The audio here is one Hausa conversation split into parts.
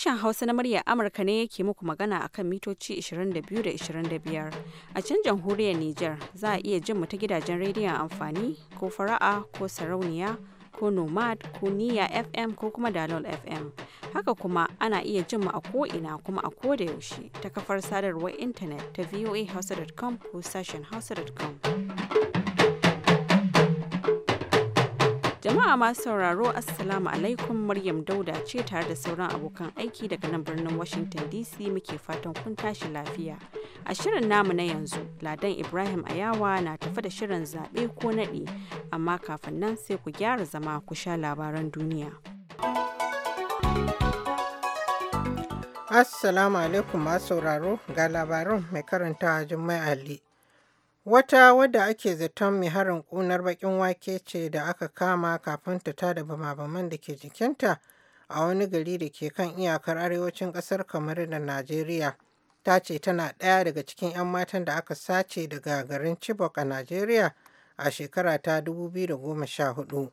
Sashen Hausa na muryar Amurka ne yake muku magana a kan mitoci 22 da 25. A can jamhuriyar Nijar za a iya jin mu ta gidajen rediyon amfani ko fara'a ko sarauniya ko nomad ko niya FM ko kuma dalol FM. Haka kuma ana iya jin mu a ko'ina kuma a ko da yaushe ta kafar sadarwar intanet ta voahausa.com ko sashen hausa.com. Jama'a masu sauraro Assalamu alaikum Maryam Dauda ce tare da sauran abokan aiki daga nan birnin Washington DC muke fatan kun tashi lafiya. A shirin namu na yanzu, Ladan Ibrahim Ayawa na tafi da shirin zaɓe ko naɗe, amma kafin nan sai ku gyara zama ku sha labaran duniya. Assalamu alaikum masu sauraro ga labaran mai karanta Jummai Ali. Wata wadda ake zaton mai harin ƙunar baƙin wake ce da aka kama kafin ta tada bama-baman da ke jikinta a wani gari da ke kan iyakar arewacin ƙasar kamar da Najeriya. Ta ce tana ɗaya daga cikin 'yan matan da aka sace daga garin Chibok a Najeriya a shekara ta 2014.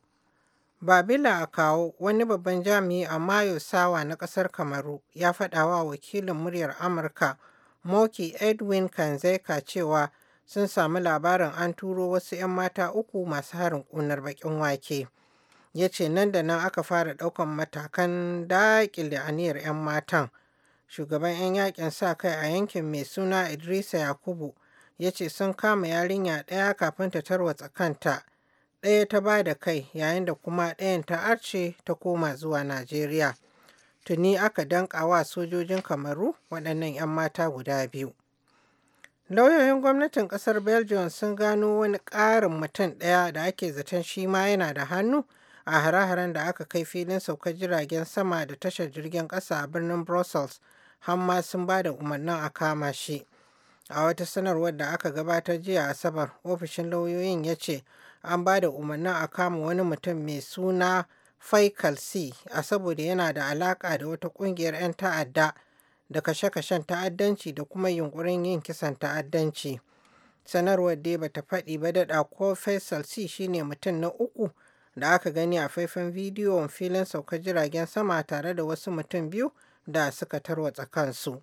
Babila kawo wani babban jami'i a Mayo Sawa na ƙasar Kamaru ya faɗawa wakilin muryar Amurka Moki Edwin Kanzeka cewa sun sami labarin an turo wasu 'yan mata uku masu harin ƙunar baƙin wake. Ya ce nan da nan aka fara ɗaukan matakan daƙile aniyar 'yan matan. Shugaban 'yan yakin sa kai a yankin mai suna Idrisa Yakubu ya ce sun kama yarinya ɗaya kafin ta tarwatsa kanta. ɗaya ta ba da kai yayin da kuma ɗayan ta arce ta koma zuwa Najeriya. Tuni aka danƙa wa sojojin Kamaru waɗannan 'yan mata guda biyu. Lauyoyin gwamnatin kasar Belgium sun gano wani ƙarin mutum ɗaya da ake zaton shi ma yana da hannu a hare-haren da aka kai filin saukar jiragen sama da tashar jirgin ƙasa a birnin Brussels, hamma sun ba da umarnin a kama shi. A wata sanarwar da aka gabatar jiya Asabar, ofishin lauyoyin ya ce an ba da umarnin a kama wani mutum mai suna Faikal C a saboda yana da alaƙa da wata ƙungiyar 'yan ta'adda da kashe-kashen ta'addanci da kuma yunkurin yin kisan ta'addanci. Sanarwar dai bata faɗi ba daɗa ko Faisal C shine mutum na uku da aka gani a faifan bidiyon filin sauka jiragen sama tare da wasu mutum biyu da suka tarwatsa kansu.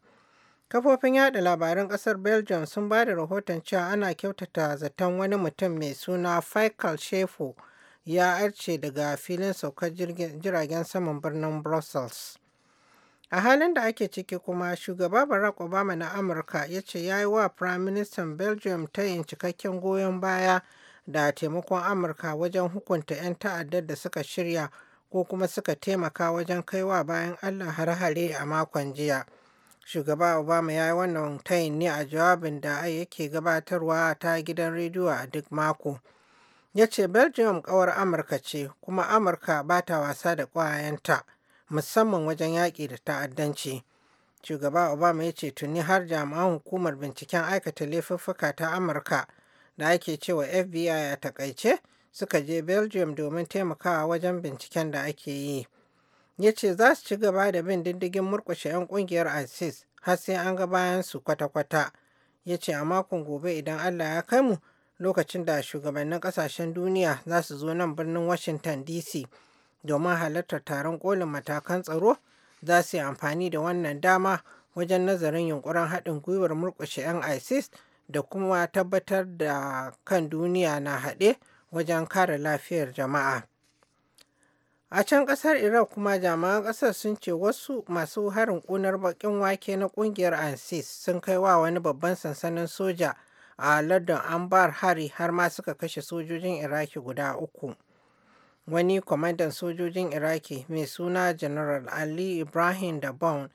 Kafofin yaɗa labaran ƙasar Belgium sun ba da rahoton cewa ana kyautata zaton wani mutum mai suna Faikal Shefo ya arce daga filin saukar jiragen saman birnin Brussels. A halin da ake ciki kuma, Shugaba Barack Obama na Amurka ya ce ya yi wa Firaministan Belgium tayin cikakken goyon baya da taimakon Amurka wajen hukunta 'yan ta'addar da suka shirya ko kuma suka taimaka wajen kaiwa bayan Allah har hare a makon jiya. Shugaba Obama ya yi wannan tayin ne a jawabin da yake gabatarwa ta gidan rediyo a duk mako. Ya ce Belgium kawar Amurka ce, kuma Amurka ba ta wasa da ƙwayanta. musamman wajen yaƙi da ta'addanci. Shugaba Obama ya ce tuni har jami'an hukumar binciken aikata laifuffuka ta Amurka da ake cewa FBI a takaice suka je Belgium domin taimakawa wajen binciken da ake yi. Ya ce za su ci gaba da bin diddigin murƙushe 'yan ƙungiyar ISIS har sai an ga bayan su kwata-kwata. Ya ce a makon gobe idan Allah ya kai mu lokacin da shugabannin ƙasashen duniya za su zo nan birnin Washington DC domin halartar taron kolin matakan tsaro za su yi amfani da wannan dama wajen nazarin yunkurin haɗin gwiwar murƙushe 'yan isis da kuma tabbatar da kan duniya na haɗe wajen kare lafiyar jama'a a can ƙasar iraq kuma jami'an ƙasar sun ce wasu masu harin ƙunar baƙin wake na ƙungiyar isis sun kai wa wani babban sansanin soja a lardin ambar hari har ma suka kashe sojojin iraki guda uku wani kwamandan sojojin iraki mai suna general ali ibrahim Da bon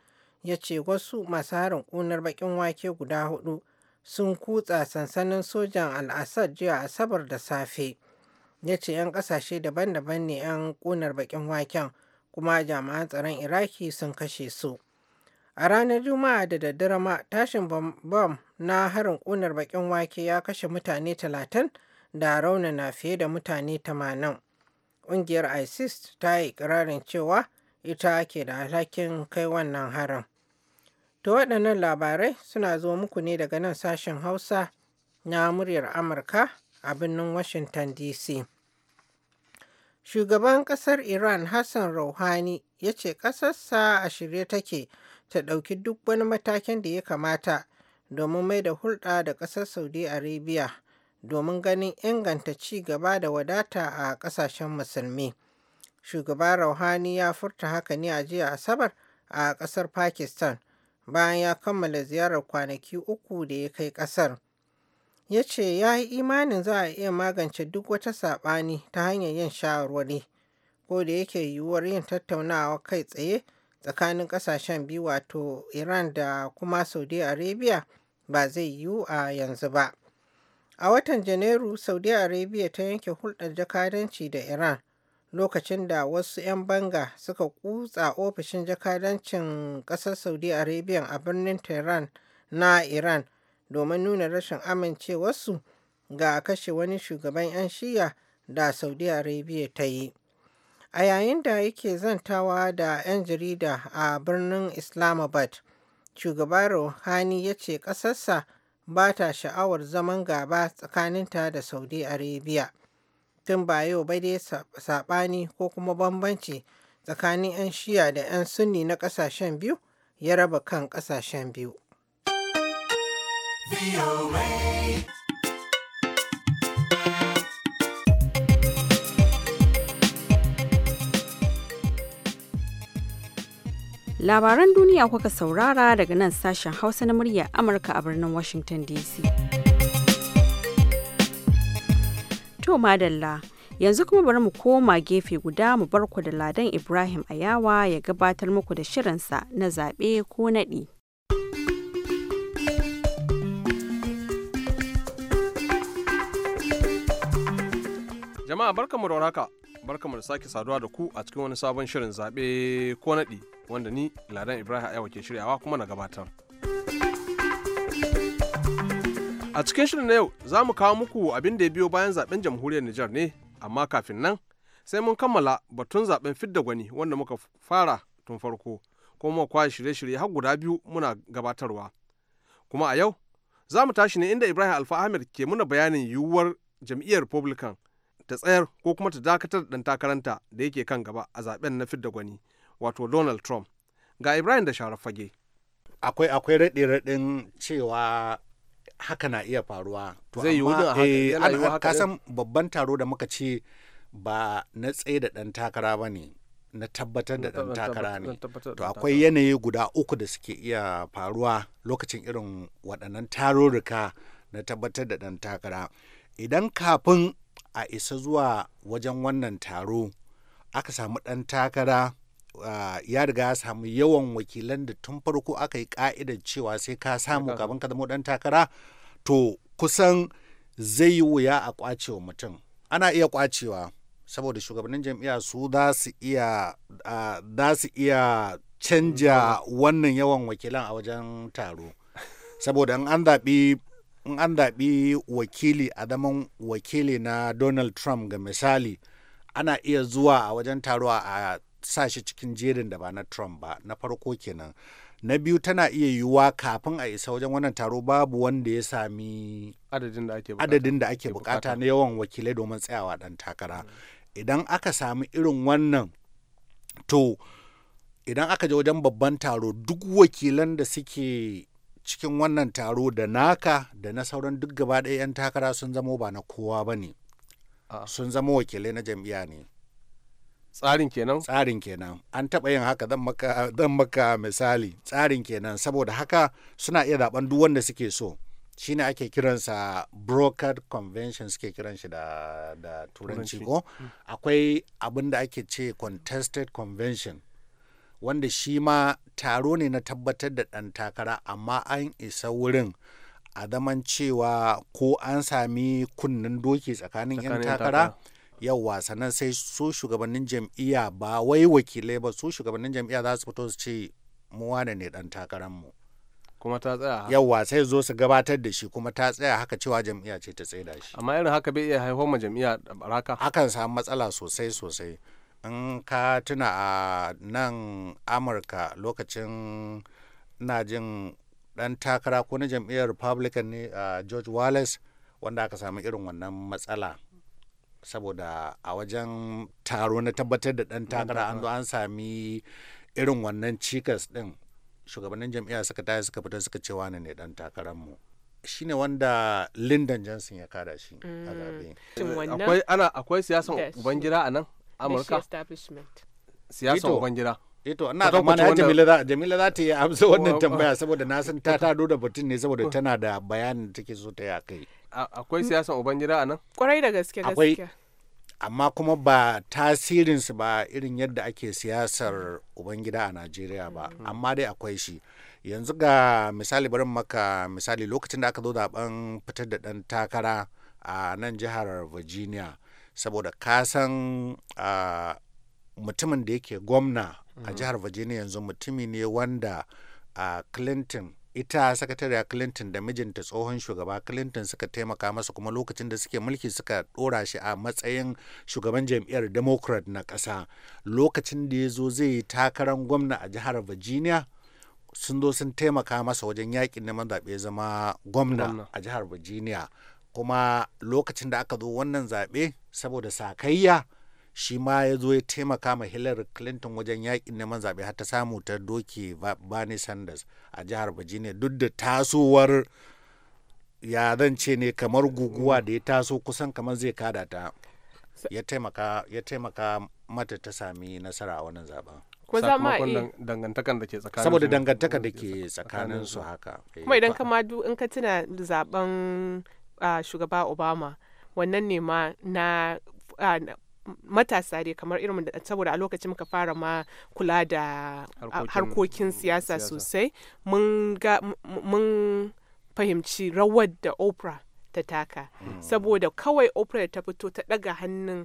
ya ce wasu masu harin kunar bakin wake guda hudu sun kutsa sansanin sojan al jiya asabar da safe ya ce 'yan kasashe daban-daban ne 'yan kunar bakin waken kuma jami'an tsaron iraki sun kashe su a ranar juma'a da daddare ma tashin bam na harin kunar bakin wake ya kashe mutane talatin da raunana fiye da mutane tamanin. ƙungiyar isis ta yi ikirarin cewa ita ke da alhakin kai wannan harin to waɗannan labarai suna zo muku ne daga nan sashen hausa na muryar amurka a birnin washington dc shugaban ƙasar iran hassan rouhani ya ce ƙasarsa a shirye take ta ɗauki duk wani matakin da ya kamata domin mai da hulɗa da ƙasar saudi arabia domin ganin inganta ci gaba da wadata a ƙasashen musulmi. Shugaba Rouhani ya furta haka ne a jiya Asabar a ƙasar Pakistan bayan ya kammala ziyarar kwanaki uku da ya kai ƙasar. Ya ce ya yi imanin za a iya magance duk wata saɓani ta hanyar yin shawarwari, ko da yake yiwuwar yin tattaunawa kai tsaye tsakanin ƙasashen biyu wato Iran da kuma Saudi Arabia ba zai yiwu a yanzu ba. A watan Janairu, Saudi Arabia ta yanke hulɗar jakadanci da Iran lokacin da wasu 'yan banga suka kutsa ofishin jakadancin ƙasar Saudi Arabia a birnin Tehran na Iran domin nuna rashin amincewarsu ga kashe wani shugaban 'yan shiya da Saudi Arabia ta yi. A yayin da yake zantawa da 'yan jarida a birnin Islamabad, shugaba Rouhani ya ce ƙasarsa ba ta sha'awar zaman gaba tsakaninta da Saudi Arabia. Tun ba yau ba dai saɓani ko kuma bambanci tsakanin 'yan shiya da 'yan sunni na ƙasashen biyu ya raba kan ƙasashen biyu. Labaran duniya kuka saurara daga nan sashen Hausa na murya Amurka a birnin Washington DC. To madalla, yanzu kuma bari mu koma gefe guda mu barku da Ladan Ibrahim Ayawa ya gabatar muku da shirinsa na zaɓe ko naɗi. Jama'a barkanmu da haka barkamu da sake saduwa da ku a cikin wani sabon shirin zaɓe ko naɗi wanda ni Ladan Ibrahim Ayawa ke shiryawa kuma na gabatar. A cikin shirin na yau za mu kawo muku abin da ya biyo bayan zaɓen jamhuriyar Nijar ne, amma kafin nan sai mun kammala batun zaɓen fidda gwani wanda muka fara tun farko kuma muka shirye-shirye har guda biyu muna gabatarwa. Kuma a yau za mu tashi ne inda Ibrahim Alfa Ahmed ke muna bayanin yiwuwar jam'iyyar Republican – ta tsayar ko kuma ta dakatar da ɗan takaranta da yake kan gaba a zaben na fidda gwani wato donald trump ga ibrahim da sharaf fage akwai akwai raɗe raɗin cewa haka na iya faruwa to zai yi wani kasan babban taro da muka ce ba na tsaye da ɗan takara ba ne na tabbatar da ɗan takara ne to akwai yanayi guda uku da suke iya faruwa lokacin irin waɗannan tarurruka na tabbatar da ɗan takara idan kafin a isa zuwa wajen wannan taro aka samu ɗan takara ya riga ya samu yawan wakilan da tun farko aka yi ka'idar cewa sai ka samu kafin ka zama ɗan takara to kusan zai yi wuya a kwacewa mutum ana iya kwacewa saboda shugabannin jam'iyya su za su iya za canja wannan yawan wakilan a wajen taro saboda an zaɓi in an zaɓi wakili a zaman wakili na donald trump ga misali ana iya zuwa a wajen taruwa a sa shi cikin jerin da ba na trump ba na farko kenan na biyu tana iya yiwuwa kafin a isa wajen wannan taro babu wanda ya sami adadin da ake bukata na yawan wakilai domin tsayawa dan takara idan aka sami irin wannan to idan aka je wajen babban taro duk wakilan da suke cikin wannan taro da naka da na sauran duk gaba ɗaya 'yan takara sun zamo ba na kowa ba ne ah. sun zama wakilai na jam'iyya ne tsarin kenan tsarin kenan an taɓa yin haka zan maka misali tsarin kenan saboda haka suna iya zaben duk wanda suke so shine ake kiransa brokered convention suke kiran shi da, da turanci ko hmm. akwai abin da ake ce contested convention wanda shi ma taro ne na tabbatar da ɗan takara amma an isa wurin a zaman cewa ko an sami kunnen doki tsakanin 'yan takara yau sannan sai su shugabannin jam'iyya ba wai wakilai ba su shugabannin jam'iyya za su fito su ce mu wane ne dan takararmu kuma ta tsaya yauwa sai zo su gabatar da shi kuma ta tsaya haka cewa jam'iyya ce ta tsaye da shi amma irin haka bai iya haihuwar jam'iyya a baraka hakan samu matsala sosai sosai in ka tuna a nan amurka lokacin na jin dan takara ko na jam'iyyar republican ne a george wallace wanda aka samu irin wannan matsala saboda a wajen taro na tabbatar da dan takara an zo an sami irin wannan cikas din shugabannin jam'iyya suka tayi suka fita suka cewa ne ne dan shi shine wanda lyndon johnson ya kada shi a mm. zaɓe akwai siyasan ubangida a nan amurka siyasan ubangida Eto ina tsammanin Jamila Jamila za ta yi amsa wannan tambaya saboda na san ta tado da batun ne saboda tana da bayanin da take so ta yi akai. Akwai siyasan Ubangida a nan? Kwarai da gaske gaske. Amma kuma ba tasirinsu ba irin yadda ake siyasar Ubangida a Najeriya ba, mm. amma dai akwai shi. Yanzu ga misali barin maka misali lokacin da aka zo zaben fitar da ɗan takara a nan jihar Virginia. saboda ka san mutumin da yake gwamna a mm-hmm. jihar virginia yanzu mutumi ne wanda a clinton ita sakatariya clinton da mijinta tsohon shugaba clinton suka taimaka masa kuma lokacin da suke mulki suka dora shi a matsayin shugaban jam'iyyar democrat na ƙasa lokacin da ya zo zai yi takarar gwamna a jihar virginia sun zo sun taimaka masa wajen yakin neman zaɓe zama gwamna a jihar virginia kuma lokacin da aka zo wannan zaɓe saboda sakayya shi ma ya zo ya taimaka ma Hillary Clinton wajen yakin neman zaɓe har ta samu ta doke Bernie Sanders a jihar Virginia duk da tasowar ya zan ce ne kamar guguwa da ya taso kusan kamar zai kada ta ya taimaka mata ta sami nasara a wannan zaɓen. ko za ma dangantakan da ke tsakanin saboda dangantakan da ke tsakanin su haka eh, kuma idan kama in ka tuna zaben ah, shugaba obama wannan ne ma na matasa dai kamar irin saboda a lokacin muka fara ma kula da harkokin siyasa sosai mun fahimci rawar da oprah ta taka hmm. saboda kawai oprah ta fito ta daga hannun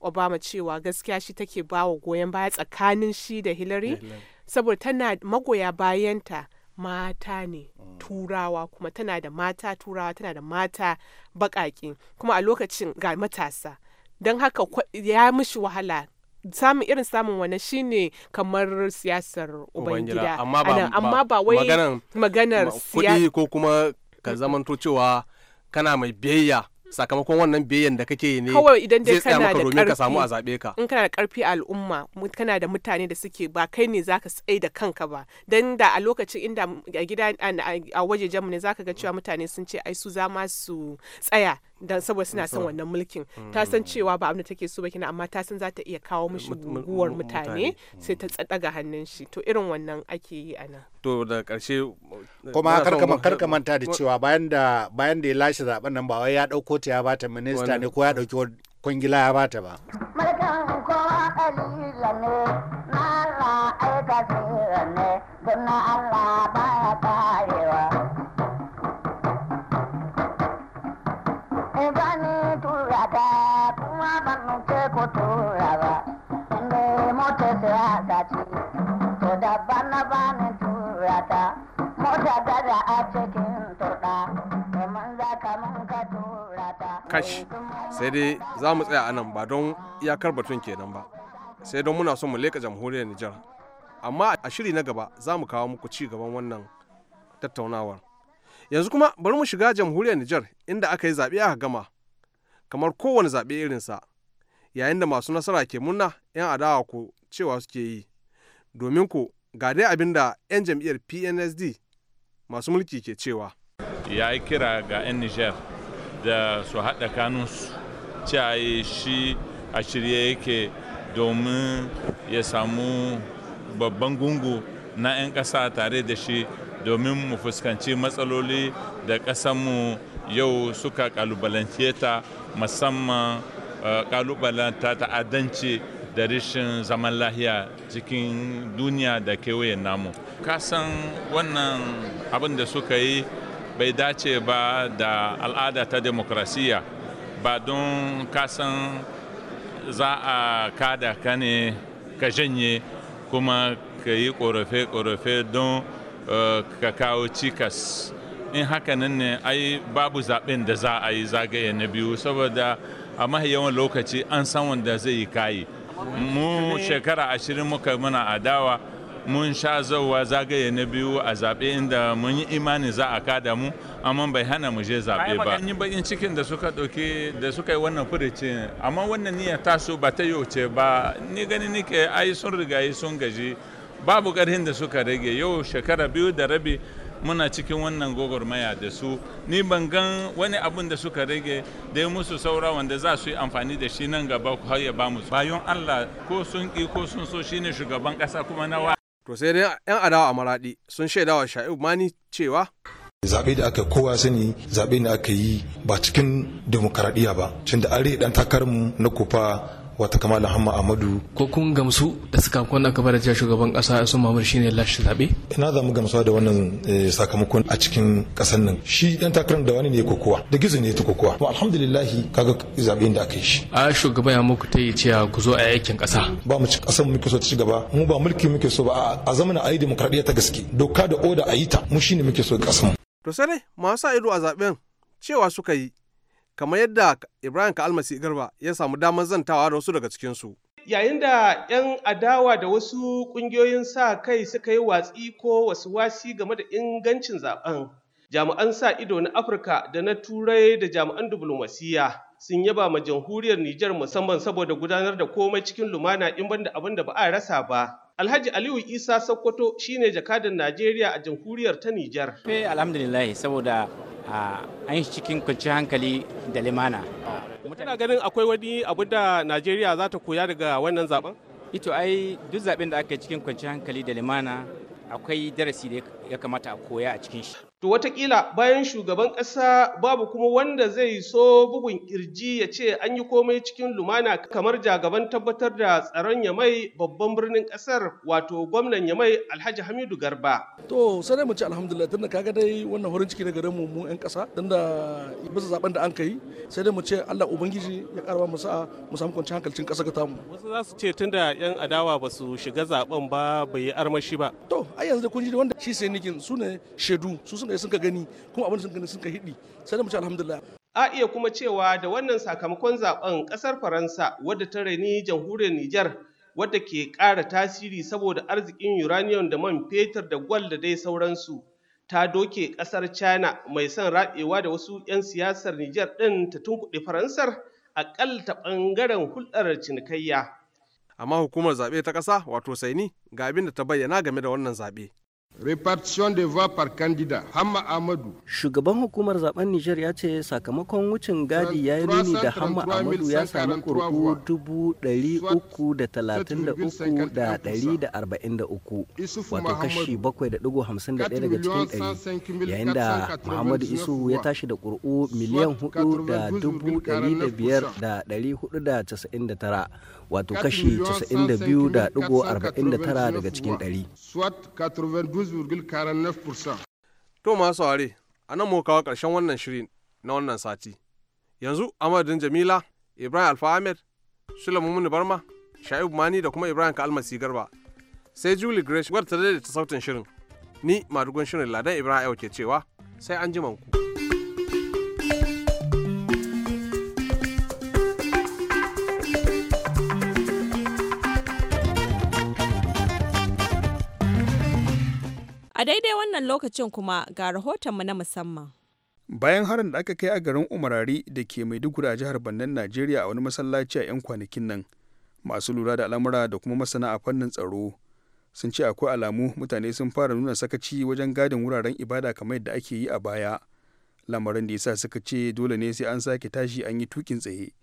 obama cewa gaskiya shi take bawa goyon baya tsakanin shi da hillary saboda tana magoya bayanta mata ne mm. turawa kuma tana da mata turawa tana da mata baƙaƙe kuma a lokacin ga matasa don haka ya mishi wahala samun irin samun wani shine kamar siyasar ubangida amma ba wai maganar kuɗi ko kuma ka zamanto cewa kana mai biyayya sakamakon wannan biyan da kake ne kawai idan dai kana da karfi ka samu a zabe ka in kana da karfi a al'umma kana da mutane da suke ba kai ne zaka tsai da kanka ba dan da a lokacin inda a gida a wajejen mu ne zaka ga cewa mutane sun ce ai su za ma su tsaya dan saboda suna son wannan mulkin mm, ta san mm, mm. cewa ba abinda take so ba kina amma ta san za ta iya kawo mishi guguwar mutane sai ta tsadaga hannun shi to irin wannan ake yi a nan to da karshe uh, kuma karkama ta da cewa bayan da bayan da ya lashe zaben nan ba wai ya dauko ta ya bata minista ne ko ya dauki kwangila ya bata ba Allah baya karewa kashi mota a cikin kash sai dai za mu tsaya anan ba don iyakar batun kenan ba sai don muna so mu leka jamhuriyar Nijar amma a shiri na gaba za mu kawo muku ci gaban wannan tattaunawar yanzu kuma bari mu shiga jamhuriyar Nijar inda aka yi zaɓe a gama kamar kowane zaɓe irinsa yayin da masu nasara ke munna 'yan adawa ko cewa suke yi domin ko ga dai abin da 'yan jam'iyyar pnsd masu mulki ke cewa ya yi kira ga 'yan niger da su haɗa kanunsu cewa shi a shirye yake domin ya samu babban gungu na 'yan ƙasa tare da shi domin mu fuskanci matsaloli da ƙasanmu yau suka ƙalubalance ta musamman Eh, kalubalen ta ta'addanci da rishin zaman lahiya cikin duniya da kewaye namu kasan wannan abin da suka yi bai dace ba da al'ada ta demokrasiya ba don kasan za a kada ka ne ka janye kuma ka yi korafe-korafe don eh, ka kawo cikas in hakanan ne ai babu zaɓen da za a yi zagaye na biyu saboda a mahi yawan lokaci an san wanda zai yi kayi mu shekara ashirin muka muna adawa mun sha zauwa zagaye na biyu a zaɓe inda mun yi imani za a kada mu amma bai hana mu je zaɓe ba an yi bakin cikin da suka ɗauki da suka yi wannan furici amma wannan niyyar taso ba ta yauce ba ni gani nike ai sun rigayi sun gaji babu ƙarhin da suka rage yau shekara biyu da rabi muna cikin wannan gwagwarmaya da su ni ban gan wani abun da suka rage dai musu saura wanda za su yi amfani da shi nan gaba har ya bamu bayan Allah ko sun ki ko sun so shine shugaban kasa kuma wa to sai dai yan adawa a maradi sun shaidawa Sha'ib Mani cewa zaɓe da aka kowa sani zaɓe ne aka yi ba cikin demokaradiyya ba tunda are dan takarmu na kufa wata kamala hamma amadu ko kun gamsu da suka kwana aka bada jiya shugaban kasa su mamur shine lashe zabe ina za mu gamsuwa da wannan eh, sakamakon a cikin kasan nan shi dan takarar da wani ne kokowa da gizo ne ta kokowa to alhamdulillah kaga zaben da aka yi shi a shugaban ya muku ta yi cewa ku zo a yakin kasa ba mu ci kasan muke so ta ci gaba mu ba mulki muke so ba a zamanin ayi demokradiyya ta gaske doka da oda a yi ta mu shine muke so kasan to sai masu ido a zaben cewa suka yi kamar yadda Ibrahim ka almasi Garba ya samu damar zantawa da wasu daga cikinsu. Yayin da 'yan adawa da wasu ƙungiyoyin sa kai suka yi watsi ko wasu wasi game da ingancin zaben, jami'an sa ido na Afirka da na Turai da jami'an diflomasiyya sun yaba ma jamhuriyar Nijar musamman saboda gudanar da komai cikin lumana in banda abin da ba a rasa ba. Alhaji Aliyu Isa Sokoto shine jakadan Najeriya a jamhuriyar ta Nijar. Fe alhamdulillah saboda an yi cikin kwanciyar hankali da limana. Mutane ganin akwai wani abu da Najeriya za ta koya daga wannan zaben? Ito ai duk zaben da aka yi cikin kwanciyar hankali da limana akwai darasi da ya kamata a koya a cikin shi. To wataƙila bayan shugaban ƙasa babu kuma wanda zai so bugun ƙirji ya ce an yi komai cikin lumana kamar jagaban tabbatar da tsaron Yamai babban birnin ƙasar wato gwamnan Yamai Alhaji Hamidu Garba. To sai mu ce alhamdulillah tunda kaga dai wannan horin ciki daga mu mu 'yan ƙasa tunda bisa zaben da an kai sai dai mu ce Allah ubangiji ya karba mu sa'a mu samu kwanciyar hankalin ƙasa ga tamu. Wasu za su ce tunda 'yan adawa ba su shiga zaben ba bai yi armashi ba. To ai yanzu kun ji wanda shi sai nikin su ne shaidu su sun da sun ka gani kuma abin sun gani sun ka hidi sai da mu ci alhamdulillah a iya kuma cewa da wannan sakamakon zaben kasar faransa wadda ta rani jamhuriyar niger wadda ke ƙara tasiri saboda arzikin uranium da man fetur da gwal da dai sauransu ta doke ƙasar china mai son raɗewa da wasu 'yan siyasar niger ɗin ta tunkuɗe faransar ƙal ta ɓangaren hulɗar cinikayya amma hukumar zaɓe ta ƙasa wato saini ga abin da ta bayyana game da wannan zaɓe Repartition de voix par candidat Hamma Amadou. Shugaban hukumar zaben Nijar ya ce sakamakon wucin gadi ya yi nuni da Hamma Amadou ya samu kurku dubu dari uku da talatin da uku da dari da arba'in da uku wato kashi bakwai da dugu hamsin da ɗaya daga cikin ɗari yayin da Muhammadu Isu ya tashi da kurku miliyan hudu da dubu ɗari da biyar da ɗari hudu da casa'in da tara. wato kashi 92.49 daga cikin 100. To masu ware, a nan muka kawo ƙarshen wannan shirin na wannan sati. Yanzu amadin Jamila, Ibrahim Alfa Ahmed, Sulaimu Barma, Shaibu Mani da kuma Ibrahim Kalmasi Garba. Sai Julie Grace wadda ta daidaita sautin shirin. Ni madugun shirin Ladan Ibrahim ke cewa sai an ji ku. daidai wannan lokacin kuma ga rahoton mu na musamman. Bayan harin da aka kai a garin Umarari da ke Maiduguri a jihar Bannan Najeriya a wani masallaci a 'yan kwanakin nan, masu lura da al'amura da kuma masana a fannin tsaro sun ce akwai alamu mutane sun fara nuna sakaci wajen gadin wuraren ibada kamar yadda ake yi a baya. Lamarin da yasa suka ce dole ne sai an sake tashi an yi tukin tsaye.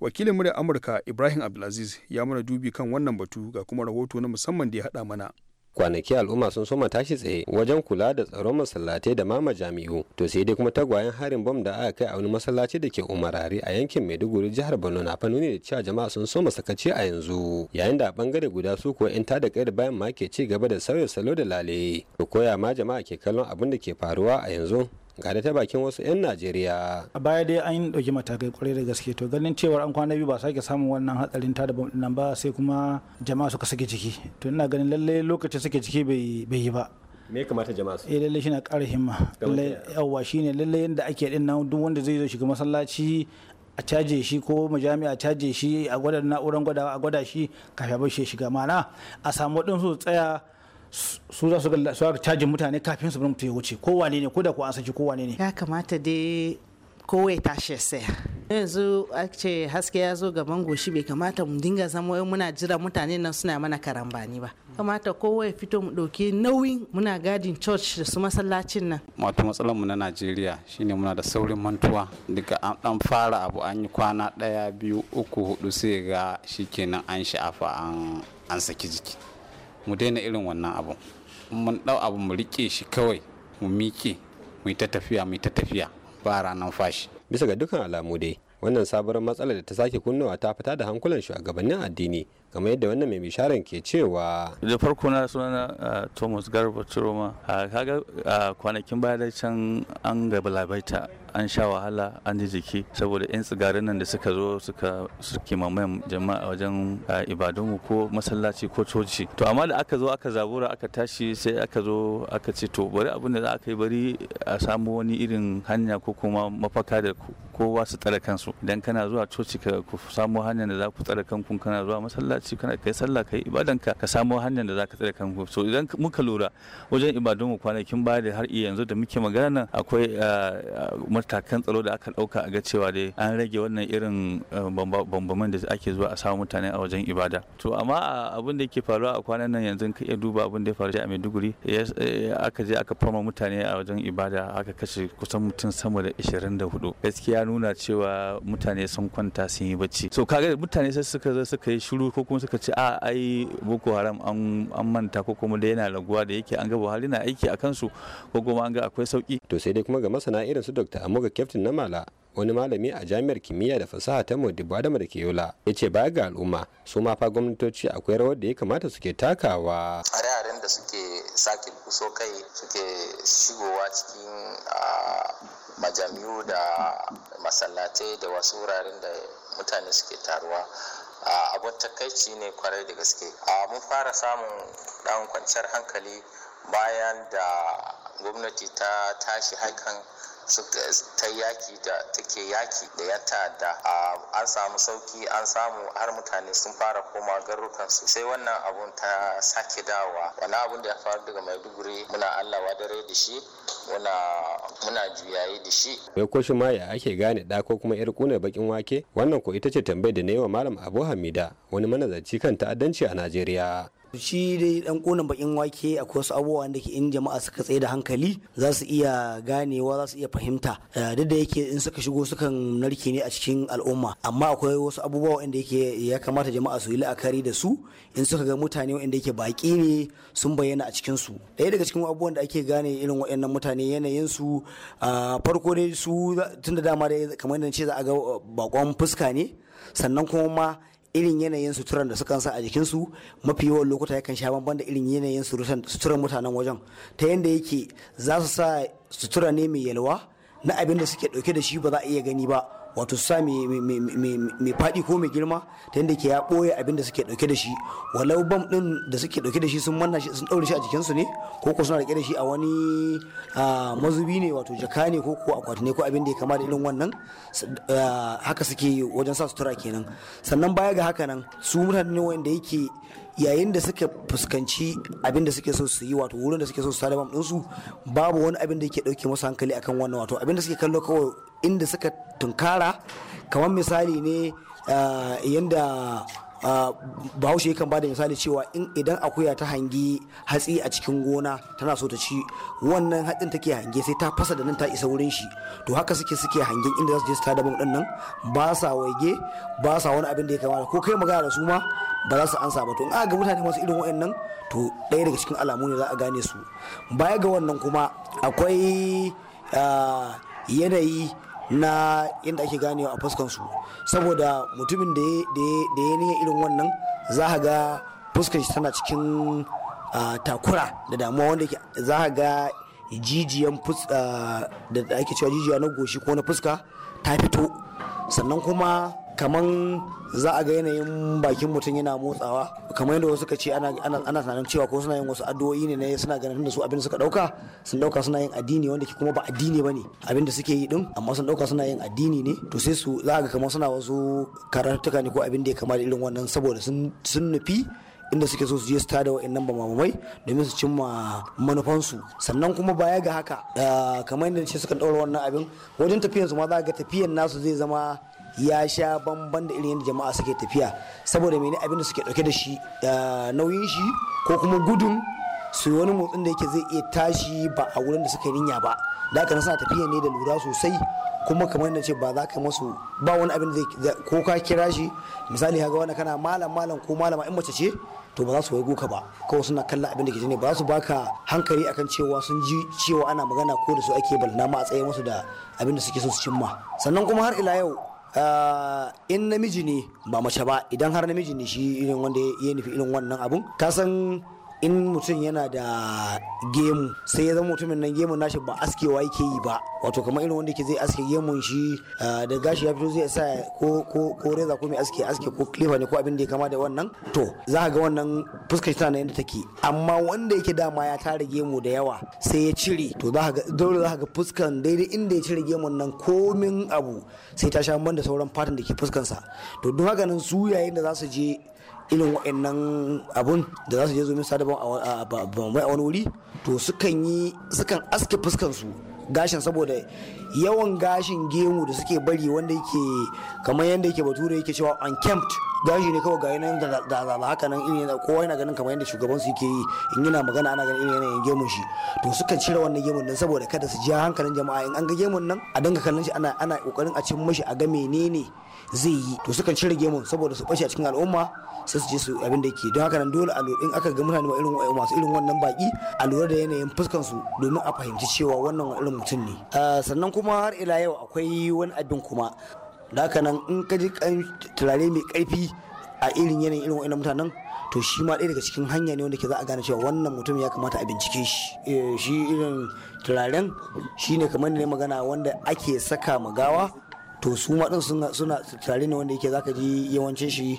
Wakilin murya Amurka Ibrahim Abdulaziz ya mana dubi kan wannan batu ga kuma rahoto na musamman da ya haɗa mana. kwanaki al'umma sun soma tashi tsaye wajen kula da tsaron masallatai da mama jami'u to sai dai kuma tagwayen harin bom da aka kai a wani masallaci da ke umarari a yankin maiduguri jihar borno na fa nuni da cewa jama'a sun soma sakaci a yanzu yayin da a bangare guda su kuwa in ta da kai da bayan ma ke ci gaba da sauya salo da lale to koya ma jama'a ke kallon abin da ke faruwa a yanzu ga da ta bakin wasu 'yan najeriya a baya dai an ɗauki matakai kwarai da gaske to ganin cewar an kwana biyu ba sake samun wannan hatsarin ta da nan ba sai kuma jama'a suka sake ciki to ina ganin lallai lokacin sake ciki bai yi ba me ya kamata jama'a su eh lallai shi na ƙara himma yawwa shi ne lallai yadda ake din nan duk wanda zai zo shiga masallaci a caje shi ko majami'a a caje shi a gwada na'urar gwada a gwada shi kafin bar shi shiga ma'ana a samu waɗansu su tsaya su za su ga cajin mutane kafin su bar mutum ya wuce wane ne ko da ko an saki wane ne ya kamata dai kowai tashi ya saya yanzu ce haske ya zo gaban goshi bai kamata mu dinga zama wai muna jira mutane nan suna mana karambani ba kamata kowai ya fito mu ɗauki nauyin muna gadin church da su masallacin nan wato matsalar mu na Najeriya shine muna da saurin mantuwa daga an dan fara abu an yi kwana ɗaya biyu uku hudu sai ga shikenan an sha'afa an saki jiki mu daina irin wannan abun mun ɗau abu mu riƙe shi kawai mu miƙe mu ta tafiya mu ta tafiya ba ranar fashi bisa ga dukkan alamu dai wannan sabuwar matsalar da ta sake kunnuwa ta fita da hankulan shugabannin addini kamar yadda wannan mai bisharan ke cewa da farko na sunana thomas garba ciroma kaga kwanakin baya da can an gaba labaita an sha wahala an ji jiki saboda 'yan tsigarin nan da suka zo suka suke mamayan jama'a wajen ibadunmu ko masallaci ko coci to amma da aka zo aka zabura aka tashi sai aka zo aka ce to bari abin da za a kai bari a samu wani irin hanya ko kuma mafaka da kowa su tsare kansu idan kana zuwa coci ka samu hanyar da za ku tsare kanku kana zuwa masallaci masallaci kana kai sallah kai ibadanka ka samo hanyar da zaka tsare kanku so idan muka lura wajen ibadun mu kwanakin baya da har iya yanzu da muke magana nan akwai ah, ah, matakan tsaro da aka dauka a ga cewa dai an rage wannan irin ah, bambaman da ake zuwa a samu mutane a wajen ibada to amma abin da yake faruwa a kwanan nan yanzu ka iya duba abin da ya faru a Maiduguri eh, aka je aka fama mutane a wajen ibada aka kashe kusan mutum sama da 24 gaskiya nuna cewa mutane sun kwanta sun yi bacci so kaga mutane sai suka zo suka yi shiru ko kuma suka ce a ai boko haram an manta ko kuma da yana raguwa da yake an ga buhari na aiki a kansu ko kuma an ga akwai sauki to sai dai kuma ga masana irin su dr amoga captain na mala wani malami a jami'ar kimiyya da fasaha ta modibo adama da ke yola ya ce baya ga al'umma su ma fa gwamnatoci akwai rawar da ya kamata suke takawa tsare da suke sake kuso kai suke shigowa cikin majami'u da masallatai da wasu wuraren da mutane suke taruwa abun takaici ne kwarai da gaske mun fara samun dan kwanciyar hankali bayan da gwamnati ta tashi haikan ta yaki da take yaki da ya ta'adda an samu sauki an samu har mutane sun fara koma garurukan su sai wannan abun ta sake dawa wani abun da ya faru daga maiduguri muna allah dare da shi muna juyayi da shi bai ko shi ya ake gane da ko kuma yar kunar bakin wake wannan ko ita ce tambayar da na yi wa malam abu hamida wani manazarci kan ta'addanci a najeriya shi dai dan konan bakin wake akwai wasu abubuwan da ke in jama'a suka tsaye da hankali za su iya ganewa za su iya fahimta eh, duk da yake in suka shigo sukan narke ne a cikin al'umma amma akwai wasu abubuwa wanda yake ya kamata jama'a su yi la'akari da su in suka ga mutane wanda yake baki ne sun bayyana a cikin su daya daga cikin abubuwan da ake gane irin waɗannan mutane yanayin su farko ne su tunda dama dai kamar yadda ce za a ga eh, bakon fuska ne sannan kuma ma irin yanayin suturan da sukan sa a jikinsu mafi yawan lokuta yakan sha bamban da irin yanayin suturan mutanen wajen ta yanda yake za su sa sutura ne mai yalwa na abin da suke dauke da shi ba za a iya gani ba wato sa mai faɗi ko mai girma ta yadda ke ya ɓoye abin da suke ɗauke da shi walau bam ɗin da suke ɗauke da shi sun manna shi sun ɗaure shi a jikinsu ne ko ko suna rike da shi a wani mazubi ne wato jaka ne ko ko akwati ne ko abin da ya kama da irin wannan haka suke wajen sa sutura kenan sannan baya ga haka nan su mutane ne wanda yake yayin da suka fuskanci abin da suke so su yi wato wurin da suke so su sadamam su babu wani abin da yake dauke musu hankali akan wannan wato abin da suke kallo kawai inda suka tunkara kamar misali ne ah, yanda bahaushe yakan bada misali cewa idan akuya ta hangi hatsi a cikin gona tana so ta ci wannan hatsin take hange sai ta fasa da nan ta isa wurin shi to haka suke suke hangen inda za su je su tada bam nan ba sa waige ba sa wani abin da ya kamata ko kai magana da su ma ba za su ansa ba to in aka ga mutane masu irin wa'annan to ɗaya daga cikin alamu ne za a gane su baya ga wannan kuma akwai yanayi na inda ake ganewa a fuskan su saboda mutumin da ya niyan irin wannan za ga fuskar shi tana cikin takura da damuwa wanda za ga jijiyan da ake cewa jijiya na goshi ko na fuska ta fito sannan kuma kaman za a ga yanayin bakin mutum yana motsawa kamar yadda wasu ka ce ana tunanin cewa ko suna yin wasu addu'o'i ne ne suna ganin da su abin suka dauka sun dauka suna yin addini wanda ke kuma ba addini bane abin da suke yi din amma sun dauka suna yin addini ne to sai su za a ga kamar suna wasu karantuka ne ko abin da ya kama da irin wannan saboda sun nufi inda suke so su je su tada wa'annan mamamai, domin su cimma manufansu sannan kuma baya ga haka ah, kamar yadda ce suka ɗaura wannan abin wajen tafiyansu ma za ga tafiyan nasu zai zama ya sha bamban da irin yadda jama'a suke tafiya saboda mene abin da suke dauke da shi nauyin shi ko kuma gudun su wani motsin da yake zai iya tashi ba a wurin da suka niyya ba da haka nasa tafiya ne da lura sosai kuma kamar yadda ce ba za ka masu ba wani abin da ko ka kira shi misali haka wani kana malam malam ko malama in mace ce to ba za su waigo ka ba kawai suna kallon abin da ke ne ba za su baka hankali akan cewa sun ji cewa ana magana ko da su ake balna ma a tsaye masu da abin da suke so su cimma sannan kuma har ila yau Ah, in namiji ne ba mace ba idan har namiji ne shi irin wanda ya nufi irin wannan abun kasan in mutum yana da gemu sai ya zama mutumin nan gemun nashi ba askewa yake yi ba wato kamar irin wanda ke zai aske gemun shi ah, da gashi ya fito zai sa ko ko ko reza ko mai aske aske ko klifa ne ko abin da ya kama da wannan to za ga wannan fuskar tana yadda take amma wanda yake dama ya tara gemu da yawa sai ya cire to za ga dole za ga fuskan daidai inda ya cire gemun nan komin abu sai ta sha da sauran fatan da ke fuskansa to don haka nan su yayin da za su je irin wa'annan abun da za su je min sadarwa a wani wuri to sukan yi sukan aske fuskansu gashin saboda yawan gashin gemu da suke bari wanda yake kamar yadda yake bature yake cewa unkempt gashi ne kawai ga yanayin da zaba haka nan irin yana kowa yana ganin kamar yadda shugaban su yake yi in yana magana ana ganin irin yanayin gemun shi to sukan cire wannan gemun nan saboda kada su ji hankalin jama'a in an ga gemun nan a dinga kallon shi ana ana kokarin a cin mashi a ga menene zai yi to sukan cire gemu saboda su bashi a cikin al'umma sai su je su abin da ke don haka nan dole a in aka ga mutane ma irin masu irin wannan baki a lura da yanayin fuskan su domin a fahimci cewa wannan irin mutum ne sannan kuma har ila yau akwai wani abin kuma da haka nan in ka ji turare mai karfi a irin yanayin irin wannan mutanen to shi ma ɗaya daga cikin hanya ne wanda ke za a gane cewa wannan mutum ya kamata a bincike shi eh, shi irin turaren shi ne kamar ne magana wanda ake saka magawa to su ma din suna tare ne wanda yake zaka ji yawancin shi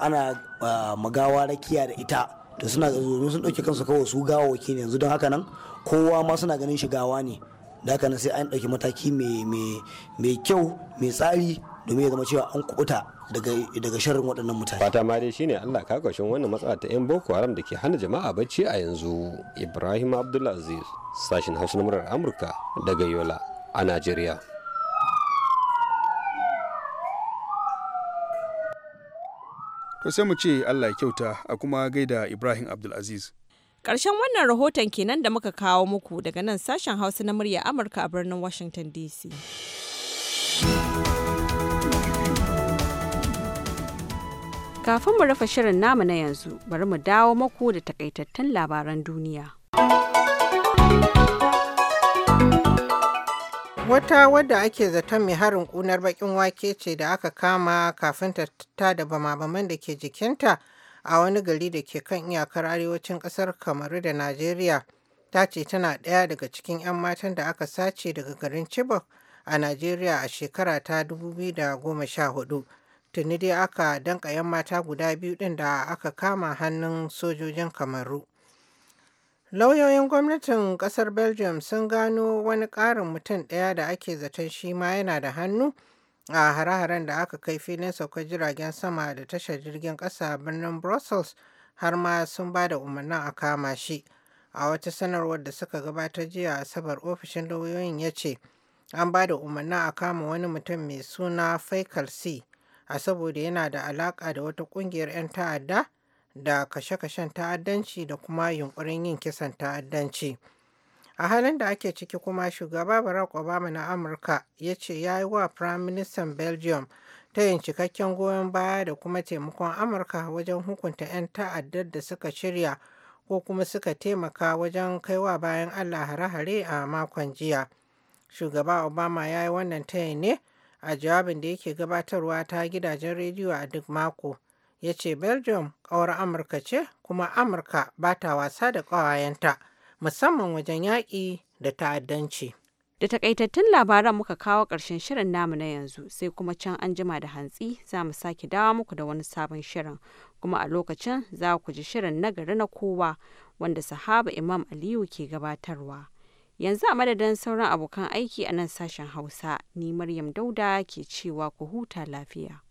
ana magawa rakiya da ita to suna domin sun dauke kansu kawai su wake ne yanzu don haka nan kowa ma suna ganin shi gawa ne da haka nan sai an dauki mataki mai kyau mai tsari domin ya zama cewa an kubuta daga sharrin waɗannan mutane. Fata ma dai shine Allah ka kwashin wannan matsala ta 'yan Boko Haram da ke hana jama'a bacci a yanzu. Ibrahim Abdulaziz, sashin Hausa na Amurka daga Yola a Najeriya. ka sai mu ce allah kyauta a kuma gaida ibrahim abdulaziz ƙarshen wannan rahoton kenan da muka kawo muku daga nan sashen hausa na murya amurka a birnin washington dc kafin mu rufe shirin namu na yanzu bari mu dawo muku da takaitattun labaran duniya. Wata wadda ake zaton mai harin kunar bakin wake ce da aka kama kafin ta da bama-baman da ke jikinta a wani gari da ke kan iyakar arewacin kasar Kamaru da Najeriya. Ta ce tana ɗaya daga cikin 'yan matan da aka sace daga garin Chibok a Najeriya a shekara ta 2014. Tuni dai aka danka 'yan mata guda biyu ɗin da aka kama hannun sojojin Kamaru. Lauyoyin gwamnatin kasar Belgium sun gano wani ƙarin mutum ɗaya da ake zaton shi ma yana da hannu a hare-haren da aka kai filin saukar jiragen sama da tashar jirgin ƙasa birnin Brussels har ma sun ba da umarnin a kama shi. A wata sanarwar da suka gabata jiya Asabar ofishin lauyoyin ya ce an ba da umarnin a kama wani mutum mai suna Faikal a saboda yana da alaƙa da wata ƙungiyar 'yan ta'adda da kashe-kashen ta'addanci da kuma yunkurin yin kisan ta'addanci. A halin da ake ciki kuma shugaba Barack Obama na Amurka ya ce ya yi wa Firaministan Belgium ta yin cikakken goyon baya da kuma taimakon Amurka wajen hukunta 'yan ta'addar da suka shirya ko kuma suka taimaka wajen kaiwa bayan Allah hare-hare a makon jiya. Shugaba Obama ya yi wannan ta ne a jawabin da yake gabatarwa ta gidajen rediyo a duk mako. ya ce belgium kawar amurka ce kuma amurka ba ta wasa da ƙawayenta musamman wajen yaƙi da ta'addanci da takaitattun labaran muka kawo ƙarshen shirin namu na yanzu sai kuma can an jima da hantsi za mu sake dawo muku da wani sabon shirin kuma a lokacin za ku ji shirin na gari na kowa wanda sahaba imam aliyu ke gabatarwa yanzu a madadin sauran abokan aiki a nan sashen hausa ni maryam dauda ke cewa ku huta lafiya